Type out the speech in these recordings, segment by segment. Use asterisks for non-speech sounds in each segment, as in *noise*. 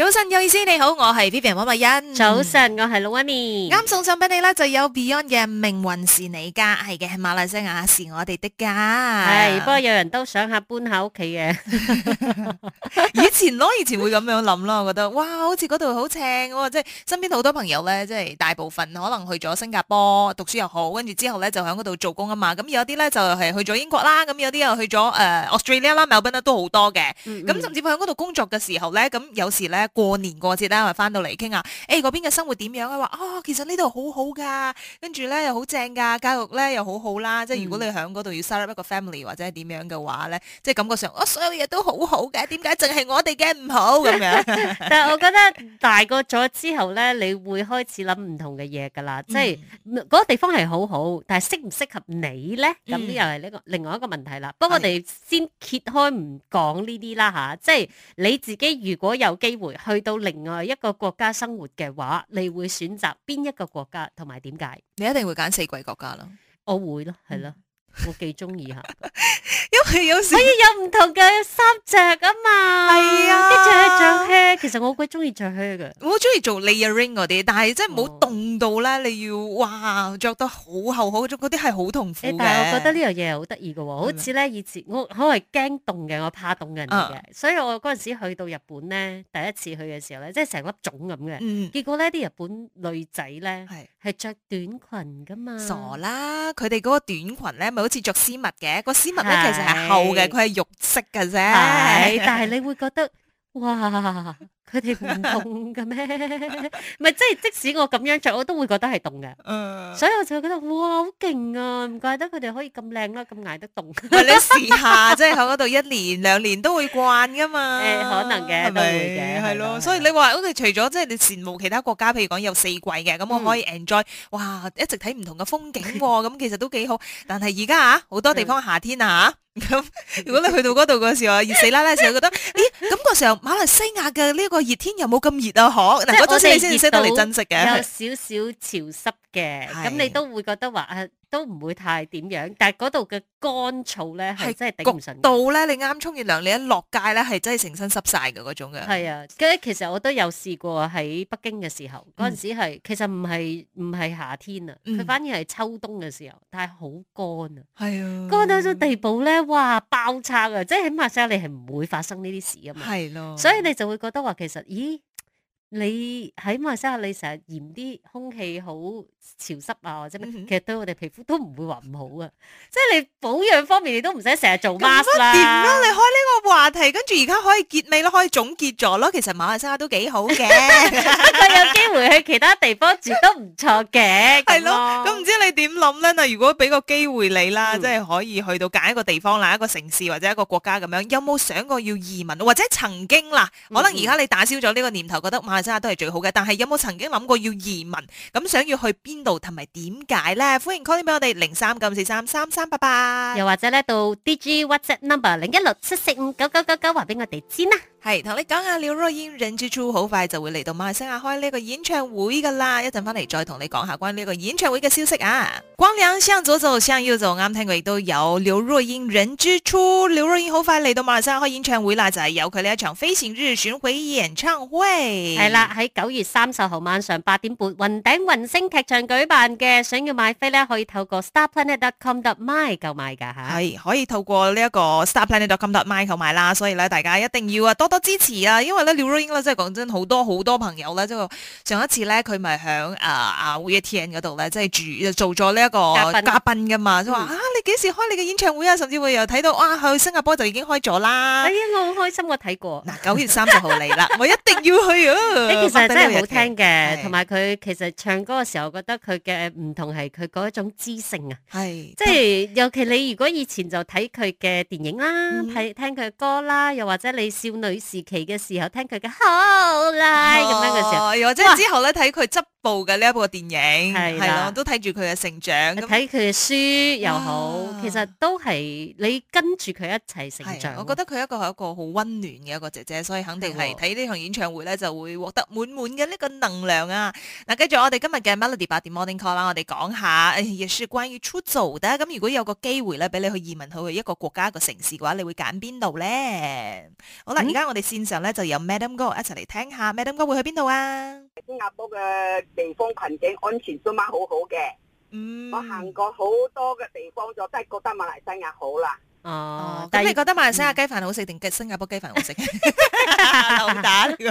早晨，有意思你好，我係 Vivian 摸麥欣。早晨，我係 Luni。啱送上俾你咧，就有 Beyond 嘅《命運是你家》，係嘅，馬來西亞是我哋的家。係，不過有人都想下搬下屋企嘅。 *laughs* *laughs* 以前咯，以前會咁樣諗咯，我覺得哇，好似嗰度好正喎，即係身邊好多朋友咧，即係大部分可能去咗新加坡讀書又好，跟住之後咧就喺嗰度做工啊嘛。咁有啲咧就係、是、去咗英國啦，咁有啲又去咗誒、uh, Australia 啦、Melbourne 都好多嘅。咁、嗯嗯、甚至乎喺嗰度工作嘅時候咧，咁有時咧。過年過節啦，或翻到嚟傾下。誒、欸、嗰邊嘅生活點樣咧？話啊、哦，其實呢度好好噶，跟住咧又好正噶，教育咧又好好啦。嗯、即係如果你喺嗰度要 set up 一個 family 或者係點樣嘅話咧，即係感覺上啊、哦，所有嘢都好好嘅，點解淨係我哋嘅唔好咁樣？ *laughs* 但係我覺得 *laughs* 大個咗之後咧，你會開始諗唔同嘅嘢㗎啦。嗯、即係嗰、那個嗰個地方係好好，但係適唔適合你咧？咁、嗯、又係呢個另外一個問題啦。嗯、不過我哋先揭開唔講呢啲啦吓，即係你自己如果有機會。去到另外一個國家生活嘅話，你會選擇邊一個國家同埋點解？你一定會揀四季國家咯，我會咯，係咯。嗯我幾中意吓， *laughs* 因為有時候可以有唔同嘅衫着啊嘛，係是啊，一着着靴，其實我好鬼中意着靴嘅，我好中意做 layering 嗰啲，但係真係唔好凍到啦，你要、哦、哇着得好厚好，嗰啲係好痛苦、欸、但係我覺得呢樣嘢好得意嘅喎，好似咧以前我好係驚凍嘅，我怕凍人嘅，所以我嗰陣時去到日本咧，第一次去嘅時候咧，即係成粒粽咁嘅，嗯、結果咧啲日本女仔咧係着短裙嘅嘛，傻啦，佢哋嗰個短裙咧。好似着絲襪嘅個絲襪咧，其實係厚嘅，佢係肉色嘅啫。係。但係你會覺得。 *laughs* 哇！佢哋唔凍嘅咩？咪即係即使我咁樣着，我都會覺得係凍嘅。嗯，所以我就覺得哇，好勁啊！唔怪得佢哋可以咁靚啦，咁捱得凍。咪你試下，即係喺嗰度一年兩年都會慣噶嘛。誒，可能嘅，都會嘅，係咯。所以你話我哋除咗即係你羨慕其他國家，譬如講有四季嘅，咁我可以 enjoy，哇，一直睇唔同嘅風景，咁其實都幾好。但係而家啊，好多地方夏天啊。咁 *laughs* 如果你去到嗰度嗰時啊，熱死啦啦時候，我覺得 *laughs* 咦，咁嗰時候馬來西亞嘅呢個熱天又冇咁熱啊，可嗱嗰陣時你先識得嚟珍惜嘅，有少少潮濕嘅，咁的你都會覺得話啊。都唔會太點樣，但係嗰度嘅乾燥咧係是真係頂唔順。到咧你啱沖完涼，你一落街咧係真係成身濕晒嘅嗰種嘅。係啊，跟住其實我都有試過喺北京嘅時候，嗰陣、嗯、時係其實唔係唔係夏天啊，佢、嗯、反而係秋冬嘅時候，但係好乾啊。係啊，乾到咗地步咧，哇爆拆啊！即係起碼上你係唔會發生呢啲事啊嘛。係咯，所以你就會覺得話其實，咦？你喺馬來西亞，你成日嫌啲空氣好潮濕啊，或者咩？嗯哼。其實對我哋皮膚都唔會話唔好啊。即係你保養方面，你都唔使成日做乜啦。點啊？你開呢個話題，跟住而家可以結尾咯，可以總結咗咯。其實馬來西亞都幾好嘅，不過有機會去其他地方住都唔錯嘅。係咯、 *laughs* 啊，咁唔知你點諗咧？嗱，如果俾個機會你啦，即係可以去到揀一個地方，嗱、嗯，一個城市或者一個國家咁樣，有冇想過要移民，或者曾經嗱？可能而家你打消咗呢個念頭，覺得真係都係最好嘅，但係有冇曾經諗過要移民？咁想要去邊度同埋點解呢？歡迎 call 俾我哋零三九四三三三八八，又或者呢度 DJ WhatsApp number 零一六七四五九九九九，話俾我哋知啦。係同你講下劉若英人之初好快就會嚟到馬來西亞開呢個演唱會噶啦，一陣翻嚟再同你講下關於呢個演唱會嘅消息啊！光良向左走向右走，啱聽佢亦都有劉若英人之初，劉若英好快嚟到馬來西亞開演唱會啦，就係有佢呢一場飛行日巡回演唱會。係啦，喺九月三十號晚上八點半，雲頂雲星劇場舉辦嘅，想要買飛咧可以透過 Star Planet dot com dot my 購買噶吓。係可以透過呢一個 Star Planet dot com dot my 購買啦，所以咧大家一定要啊多,多。多支持啊！因為咧，廖瑞英咧，即係講真，好多好多朋友咧，即係上一次咧，佢咪響啊啊 William 嗰度咧，即係住做咗呢一個嘉賓噶嘛，即係話啊。嗯幾時開你嘅演唱會啊？甚至會又睇到哇，去、啊、新加坡就已經開咗啦！哎呀，我好開心，我睇過。嗱、啊，九月三十號嚟啦， *laughs* 我一定要去啊！你其實真係好聽嘅，同埋佢其實唱歌嘅時候，覺得佢嘅唔同係佢嗰一種知性啊。係是，即係尤其你如果以前就睇佢嘅電影啦，睇、嗯、聽佢歌啦，又或者你少女時期嘅時候聽佢嘅《好耐》咁樣嘅時候，即係之後咧睇佢執，部嘅呢一部電影係咯的，都睇住佢嘅成長。睇佢嘅書又好，哇其實都係你跟住佢一齊成長。我覺得佢一個係一個好溫暖嘅一個姐姐，所以肯定係睇呢場演唱會咧就會獲得滿滿嘅呢個能量啊！嗱，跟住我哋今日嘅 Melody 八點 Morning Call 啦，我哋講下亦是關於 Travel 的。咁如果有個機會咧，俾你去移民去一個國家一個城市嘅話，你會揀邊度咧？嗯、好啦，而家我哋線上咧就有 Madam 哥一齊嚟聽下、嗯、下 Madam 哥會去邊度啊！新加坡嘅地方環境安全都嘛好好嘅，我行過好多嘅地方，就真係覺得馬來西亞好啦。哦，但係你覺得馬來西亞雞飯好食定新加坡雞飯好食？牛打呢個？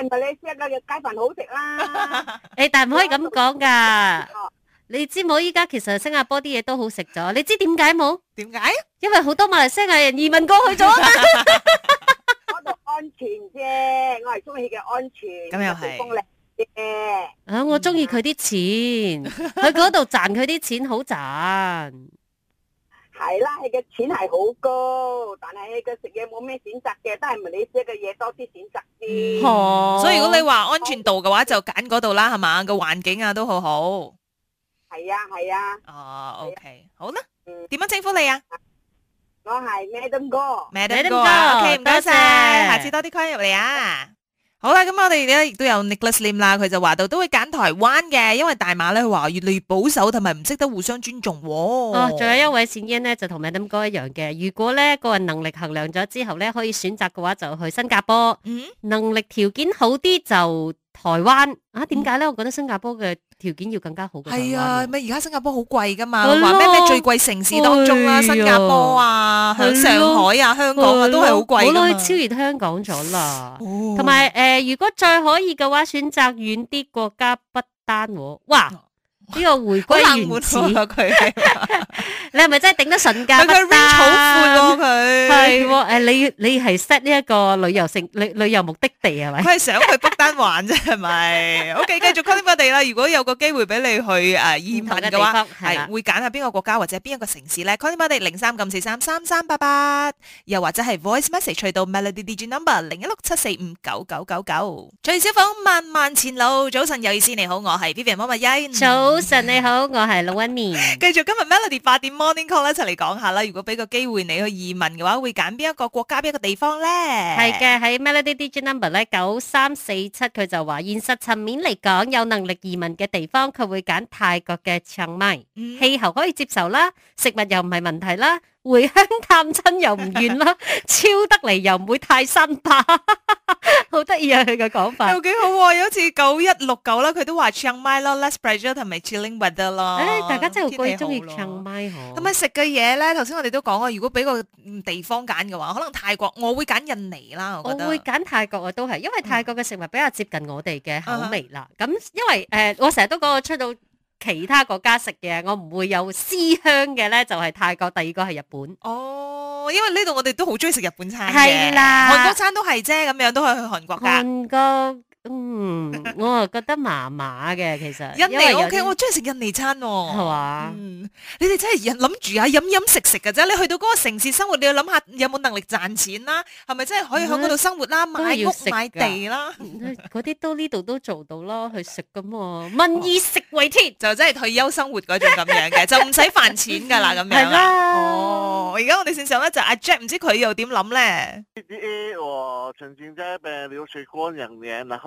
係馬來西亞嘅雞飯好食啦。誒，但唔可以咁講噶。你知冇？依家其實新加坡啲嘢都好食咗。你知點解冇？點解？因為好多馬來西亞人移民過去咗啦。安全啫，我係中意嘅安全，咁又係風力嘅。啊，我中意佢啲錢，佢嗰度賺佢啲錢好賺。係啦，佢嘅錢係好高，但係佢嘅食嘢冇咩選擇嘅，都係唔理食嘅嘢多啲選擇啲。哦，所以如果你話安全度嘅話，就揀嗰度啦，係嘛，個環境啊都好好。係啊，係啊。哦，OK，好啦，點樣稱呼你啊？我係 Mad Madam 哥，Madam 哥，OK 唔多謝，下次多啲 guest 入嚟啊！謝好啦，咁我哋咧亦都有 Nicholas Lim 啦，佢就話到都會揀台灣嘅，因為大馬咧佢話越嚟越保守同埋唔識得互相尊重。哦，仲、哦、有一位善英咧就同 Madam 哥一樣嘅，如果咧個人能力衡量咗之後咧可以選擇嘅話就去新加坡。嗯，能力條件好啲就。台灣啊，點解咧？我覺得新加坡嘅條件要更加好。係啊，咪而家新加坡好貴㗎嘛，話咩咩最貴城市當中啊，的新加坡啊，去的上海啊，香港啊的都係好貴，我都超越香港咗啦。同埋誒，如果再可以嘅話，選擇遠啲國家不丹喎，哇！呢個迴歸原始佢係，你係咪真係頂得順㗎？但佢 range 好闊喎佢。係喎，誒你你係 set 呢一個旅遊性旅旅遊目的地係咪？佢係想去 book 單玩啫係咪？OK，繼續 call 呢個地啦。如果有個機會俾你去誒移民嘅話，係會揀下邊個國家或者邊一個城市咧？call 呢個地零三咁四三三三八八，又或者係 voice message 去到 melody Digi number 零一六七四五九九九九。徐小鳳漫漫前路，早晨有意思。你好，我係 Vivian Mama Y。早。早晨你好，我係露恩妮。繼 *laughs* 續今日 Melody 八點 Morning Call 一齊嚟講下啦。如果俾個機會你去移民嘅話，會揀邊一個國家邊一個地方咧？係嘅，喺 Melody Digit Number 咧九三四七，佢就話現實層面嚟講，有能力移民嘅地方，佢會揀泰國嘅清邁，氣、嗯、候可以接受啦，食物又唔係問題啦。回鄉探親又唔遠啦， *laughs* 超得嚟又唔會太新吧， *laughs* 好得意啊佢嘅講法 *laughs* 又幾好啊！有一次九一六九啦，佢都話唱麥咯，Let's play together 咪接 link with 咯。誒，大家真係好鬼中意唱麥嗬。咁啊食嘅嘢咧，頭先我哋都講啊，如果俾個地方揀嘅話，可能泰國我會揀印尼啦，我覺得我會揀泰國啊，都係因為泰國嘅食物比較接近我哋嘅口味啦。咁、嗯嗯、因為誒、呃，我成日都講我出到，其他國家食嘅，我唔會有思鄉嘅呢，就係泰國。第二個係日本。哦，因為呢度我哋都好中意食日本餐嘅，係啦，韓國餐都係啫，咁樣都可以去韓國㗎。嗯，我啊，覺得麻麻嘅。其實印尼 OK，我中意食印尼餐哦。係嘛？你哋真係諗住啊，飲飲食食嘅啫，你去到嗰個城市生活，你要諗下有冇能力賺錢啦，係咪真係可以響嗰度生活啦，買屋買地啦，嗰啲都呢度都做到囉。去食咁啊，民以食為天，就真係退休生活嗰種咁樣嘅，就唔使飯錢噶啦咁樣啦。哦，而家我哋線上咧就阿 Jack，唔知佢又點諗咧？A 和陳建澤並了水光人影，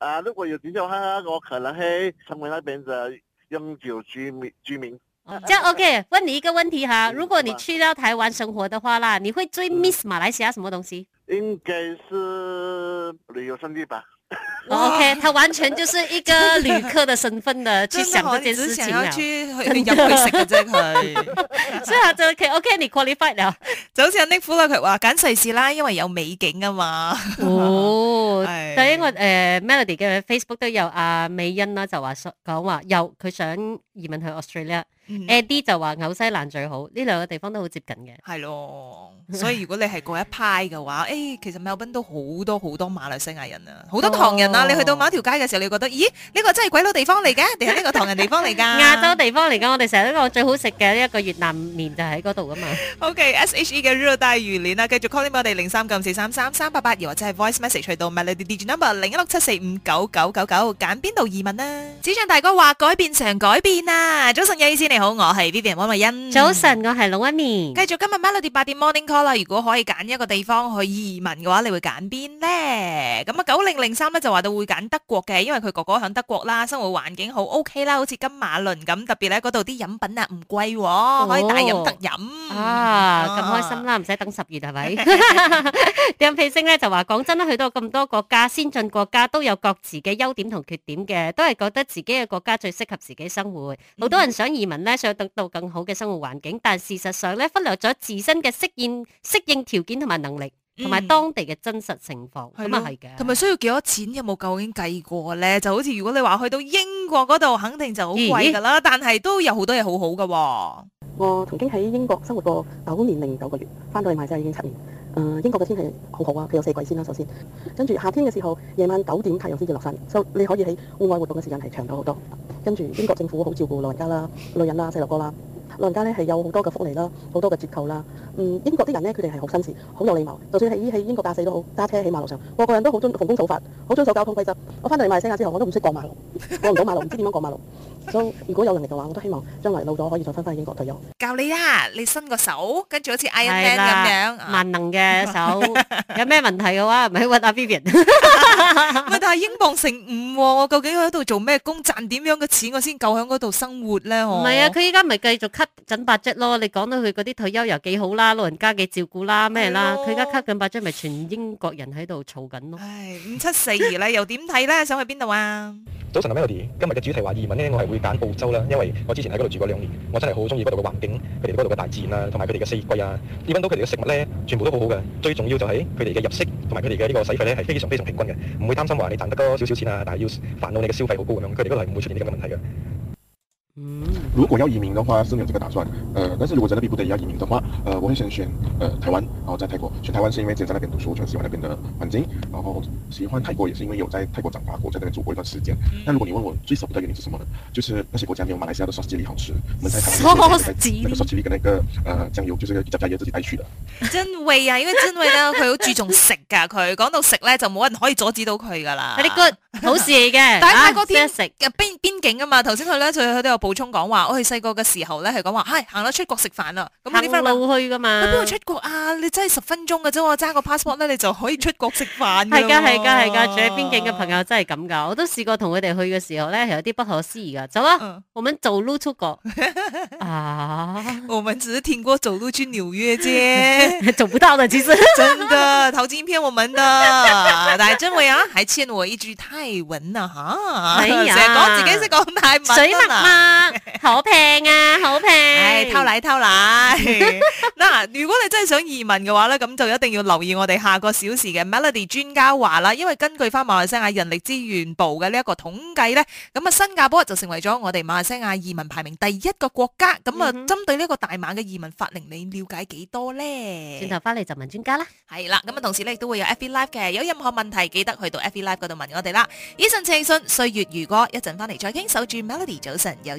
啊、呃，如果有點,點的話，我可能會成為那邊的永久居民居民。這樣、啊、OK，問你一個問題哈，嗯、如果你去到台灣生活的話啦，你會最 miss 馬來西亞什麼東西？應該是旅遊勝地吧。O K，他完全就是一個旅客的身份的去想呢件事情啊，真係，哈哈哈哈哈，真係的，是啊，真 OK，OK，你 qualified 啦，就好似阿 Nick 夫啦，佢話揀瑞士啦，因為有美景啊嘛， *laughs* 哦，就因為 *laughs* 誒是、呃、Melody 嘅 Facebook 都有阿、啊、美欣啦，就話講話有佢想移民去 Australia。誒啲就話紐西蘭最好，呢兩個地方都好接近嘅。係咯，所以如果你係嗰一派嘅話，誒，其實墨爾本都好多好多馬來西亞人啊，好多唐人啊。你去到某一條街嘅時候，你會覺得，咦？呢個真係鬼佬地方嚟嘅，定係呢個唐人地方嚟㗎？亞洲地方嚟㗎，我哋成日都講最好食嘅一個越南麵就喺嗰度㗎嘛。OK，S H E 嘅熱帶雨林繼續 call in 我哋零三九四三三三八八，又或者係 voice message 去到 Melody digital number 零一六七四五九九九九，揀邊度移民啊？紙張大哥話改變成改變啊，早晨有意思嚟。好，我係 Vivian 温文欣。早晨，我係老一棉。繼續今日 MELODY 八點 Morning Call 啦。如果可以揀一個地方去移民嘅話，你會揀邊咧？咁啊，九零零三咧就話到會揀德國嘅，因為佢哥哥響德國啦，生活環境好 OK 啦，好似金馬崙咁。特別咧嗰度啲飲品啊唔貴，可以大飲特飲。啊，咁開心啦，唔使等十月係咪？啲人飛星咧就話，講真啦，去到咁多國家，先進國家都有各自嘅優點同缺點嘅，都係覺得自己嘅國家最適合自己生活。好多人想移民咧。想得到更好嘅生活環境，但事實上咧忽略咗自身嘅適應適應條件同埋能力，同埋、嗯、當地嘅真實情況。咁啊係嘅。同埋需要幾多錢？有冇究竟計過咧？就好似如果你話去到英國嗰度，肯定就好貴㗎啦。嗯、但係都有好多嘢好好嘅。我曾經喺英國生活過九年零九個月，翻到嚟馬來西亞已經七年。誒、呃，英國嘅天氣好好啊，佢有四季先啦、啊，首先。跟住夏天嘅時候，夜晚九點太陽先至落山，所以你可以喺戶外活動嘅時間係長咗好多。跟住英國政府好照顧老人家啦、女人啦、細路哥啦，老人家咧係有好多嘅福利啦、好多嘅折扣啦。嗯，英國啲人咧佢哋係好紳士，好有禮貌，就算係喺英國駕駛都好，揸車喺馬路上，個個人都好遵奉公守法，好遵守交通規則。我翻到嚟馬來西亞之後，我都唔識過馬路，過唔到馬路，唔知點樣過馬路。如果有能力嘅話，我都希望將來老咗可以再翻返英國退休。教你啦，你伸個手，跟住好似 Iron Man 咁樣萬能嘅手。有咩問題嘅話，咪揾阿 Vivian。喂，但係英鎊成五喎，我究竟喺度做咩工，賺點樣嘅錢，我先夠喺嗰度生活咧？唔係啊，佢依家咪繼續 cut 緊 budget 咯。你講到佢嗰啲退休又幾好啦，老人家嘅照顧啦，咩啦，佢而家 cut 緊 budget 咪全英國人喺度嘈緊咯。唉，五七四二你，又點睇咧？想去邊度啊？早晨 Melody，今日嘅主題話移民呢，我係會揀澳洲啦，因為我之前喺嗰度住過兩年，我真係好中意嗰度嘅環境，佢哋嗰度嘅大自然啊，同埋佢哋嘅四季啊，移民到佢哋嘅食物呢，全部都好好嘅。最重要就係佢哋嘅入息同埋佢哋嘅呢個使費呢，係非常非常平均嘅，唔會擔心話你賺得多少少錢啊，但係要煩到你嘅消費好高咁樣，佢哋嗰度係唔會出現呢啲咁樣嘅問題嘅。如果要移民的話是沒有這個打算，誒，但是如果在那邊不得已要移民的話，誒，我會先選誒台灣，然後在泰國選台灣是因為自己在那邊讀書，想喜歡那邊的環境，然後喜歡泰國也是因為有在泰國長大過，在那邊住過一段時間。但如果你問我最捨不得原因是什麼咧？就是那些國家，沒有馬來西亞的士雞利好吃，我們在燒雞，那個燒雞哩跟那個誒醬油，就是一家一自己帶去的。真味啊，因為真味咧佢好注重食噶，佢講到食呢，就冇人可以阻止到佢噶啦。你 good 好事嘅，但係泰國邊邊境啊嘛，頭先佢咧就佢都有補充講話，我去細個嘅時候咧係講話，係行咗出國食飯啦。行路去噶嘛？去邊度出國啊？你真係十分鐘嘅啫，揸個 passport 咧，你就可以出國食飯。係噶係噶係噶，住喺邊境嘅朋友真係咁噶。我都試過同佢哋去嘅時候咧，有啲不可思議噶。走啦、啊，嗯、我們走路出國 *laughs* 啊！ *laughs* 我們只是聽過走路去紐約啫，走 *laughs* 不到的其實。真的，頭先騙我們的。戴 *laughs* 真偉啊，還欠我一句泰文啊！吓，哎呀，講 *laughs* 自己識講泰文，水馬嘛。 *laughs* 好平啊，好平！偷奶偷奶。嗱，如果你真係想移民嘅話咧，咁就一定要留意我哋下個小時嘅 Melody 專家話啦。因為根據翻馬來西亞人力資源部嘅呢一個統計咧，咁啊新加坡就成為咗我哋馬來西亞移民排名第一個國家。咁啊，針對呢個大馬嘅移民法令，你了解幾多咧？轉頭翻嚟就問專家啦。係啦，咁啊同時咧亦都會有 FB Live 嘅，有任何問題記得去到 FB Live 嗰度問我哋啦。以上誠信，歲月如歌，一陣翻嚟再傾。守住 Melody，早晨又。